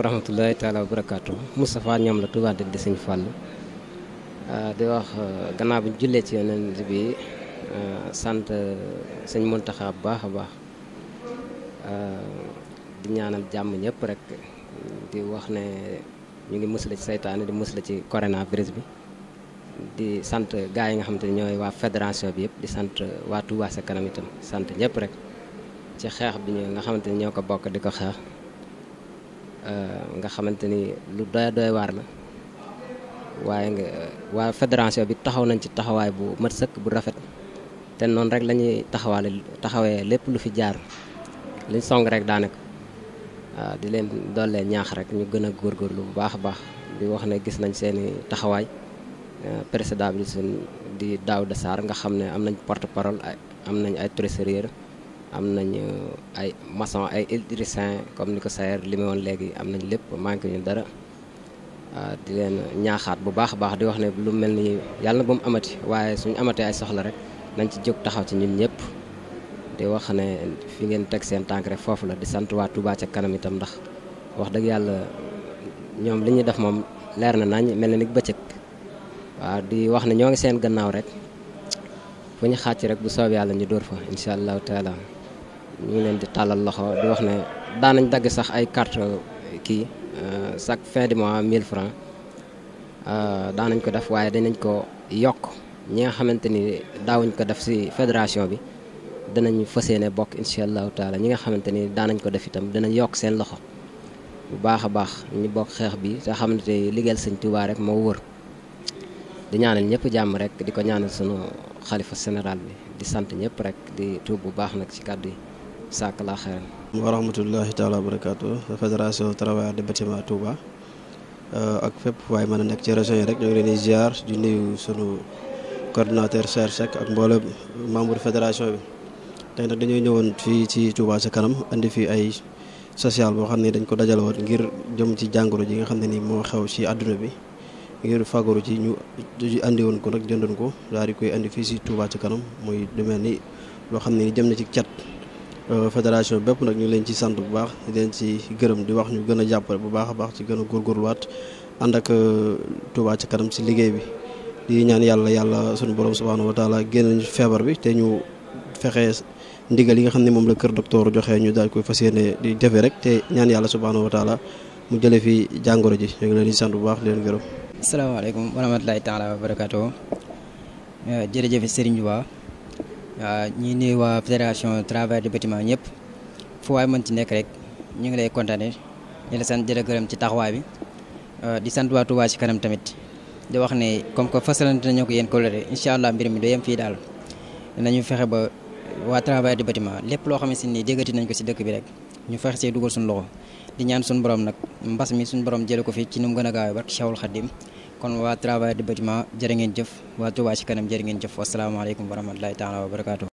wa rahmatullahi taala wa barakaatu Moustapha ñoom la Touba dëgg de Sëñ Fall ah, di wax ah, gannaaw bi ñu jullee ci yonent bi ah, sant sëñ Muntaxa bu baax a baax di ñaanal jàmm ñëpp rek di wax ne ñu ngi la ci seytaane di la ci coronavirus bi di sant gaa yi nga xamante ni ñooy waa fédération bi yëpp di sant waa Touba kanam itam sant ñëpp rek ci xeex bi ñu nga xamante ni ñoo ko bokk di ko xeex Euh, nga xamante ni lu doy doy waar la waaye nga waa fédération bi taxaw nañ ci taxawaay bu mat sëkk bu rafet te noonu rek lañuy taxawaale taxawee lépp lu fi jaar liñ song rek daanaka waaw di leen dollee ñaax rek ñu gën a góorgóorlu bu baax a baax di wax ne gis nañ seeni taxawaay euh, président bi di daaw de Sarr nga xam ne am nañ porte parole am nañ ay trésorier am nañu ay mason ay électricien comme ni ko Saer li léegi am nañ lépp manqué ñu dara ah, di leen ñaaxaat bu baax a baax di wax ne lu mel ni yàlla na bu mu amati waaye suñu amatee ay soxla rek nañ ci jóg taxaw ci ñun ñëpp di wax ne fi ngeen teg seen tànk rek foofu la di sant waa Touba ca kanam itam ndax wax dëgg yàlla ñoom li ñuy def moom leer na nañ mel na ni bëccëg waaw di wax ne ñoo ngi seen gannaaw rek fu ñu xàcc rek bu soob yàlla ñu dóor fa incha allahu ñu ngi leen di tàllal loxo di wax ne daanañ dagg sax ay carte euh, kii euh, chaque fin de mois 1000 francs euh, daanañ ko def waaye danañ ko yokk ñi nga xamante ni daawuñ ko def ci fédération bi danañ fas yéene bokk incha allahu taala ñi nga xamante ni daanañ ko def itam danañ yokk seen loxo bu baax a baax ñu bokk xeex bi te xamante ne tey Tuubaa rek moo wër di ñaanal ñëpp jàmm rek di ko ñaanal sunu xalifa sénéral bi di sant ñëpp rek di tuub bu baax nag ci kàddu yi sàkk laa xeeran wa rahmatullahi taala barakaatu fédération travailleurs de bâtiment Touba euh, ak fépp waaye mën a nekk ci région yi rek ñoo ngi leen di ziar di nuyu sunu coordinateur Cheikh Seck ak mboolem membre fédération bi tey nag dañoo ñëwoon fii ci Touba sa kanam indi fi ay social boo xam ne dañ ko dajal woon ngir jëm ci jàngoro ji nga xam ne ni moo xew ci àdduna bi ngir fagaru ci ñu indi woon ko nag jëndoon ko daal di koy andi fii ci Touba ca kanam muy lu mel ni loo xam ne jëm na ci cat Euh, fédération bépp nag ñu leen ci sant bu baax di leen ci gërëm di wax ñu gën a jàppale bu baax a baax ci gën a góorgóorluwaat ànd ak euh, Touba ci kanam ci liggéey bi di ñaan yàlla yàlla suñu borom subhanahu wa taala génn feebar bi te ñu fexe ndigal yi nga xam ne moom la kër docteur joxe ñu daal koy fa yéene di defee rek te ñaan yàlla subhanahu wa taala mu jëlee fi jàngoro ji ñu ngi leen di sant bu baax leen gërëm. asalaamaaleykum wa rahmatulahi taala wa barakaatu euh, waaw ñuy nuyu waa fédération travail du bâtiment ñëpp fu waay mën ci nekk rek ñu ngi lay kontaane ñu la sant jërë gërëm ci taxawaay bi di sant waa ci kanam tamit di wax ne comme que fasalante nañu ko yéen coloré incha allah mbir mi du yem fii daal nañu fexe ba waa travail du bâtiment lépp loo xamante ni déggati nañ ko ci dëkk bi rek ñu fexe see dugal suñu loxo di ñaan suñu borom nag mbas mi suñu borom jële ko fii ci nu mu gën a gaawee barke Cheikhul kon waa travail de bâtiment jërë ngeen jëf waa Touba ci kanam jërë ngeen jëf wasalaamaaleykum wa rahmatulahi taala wa barakaatu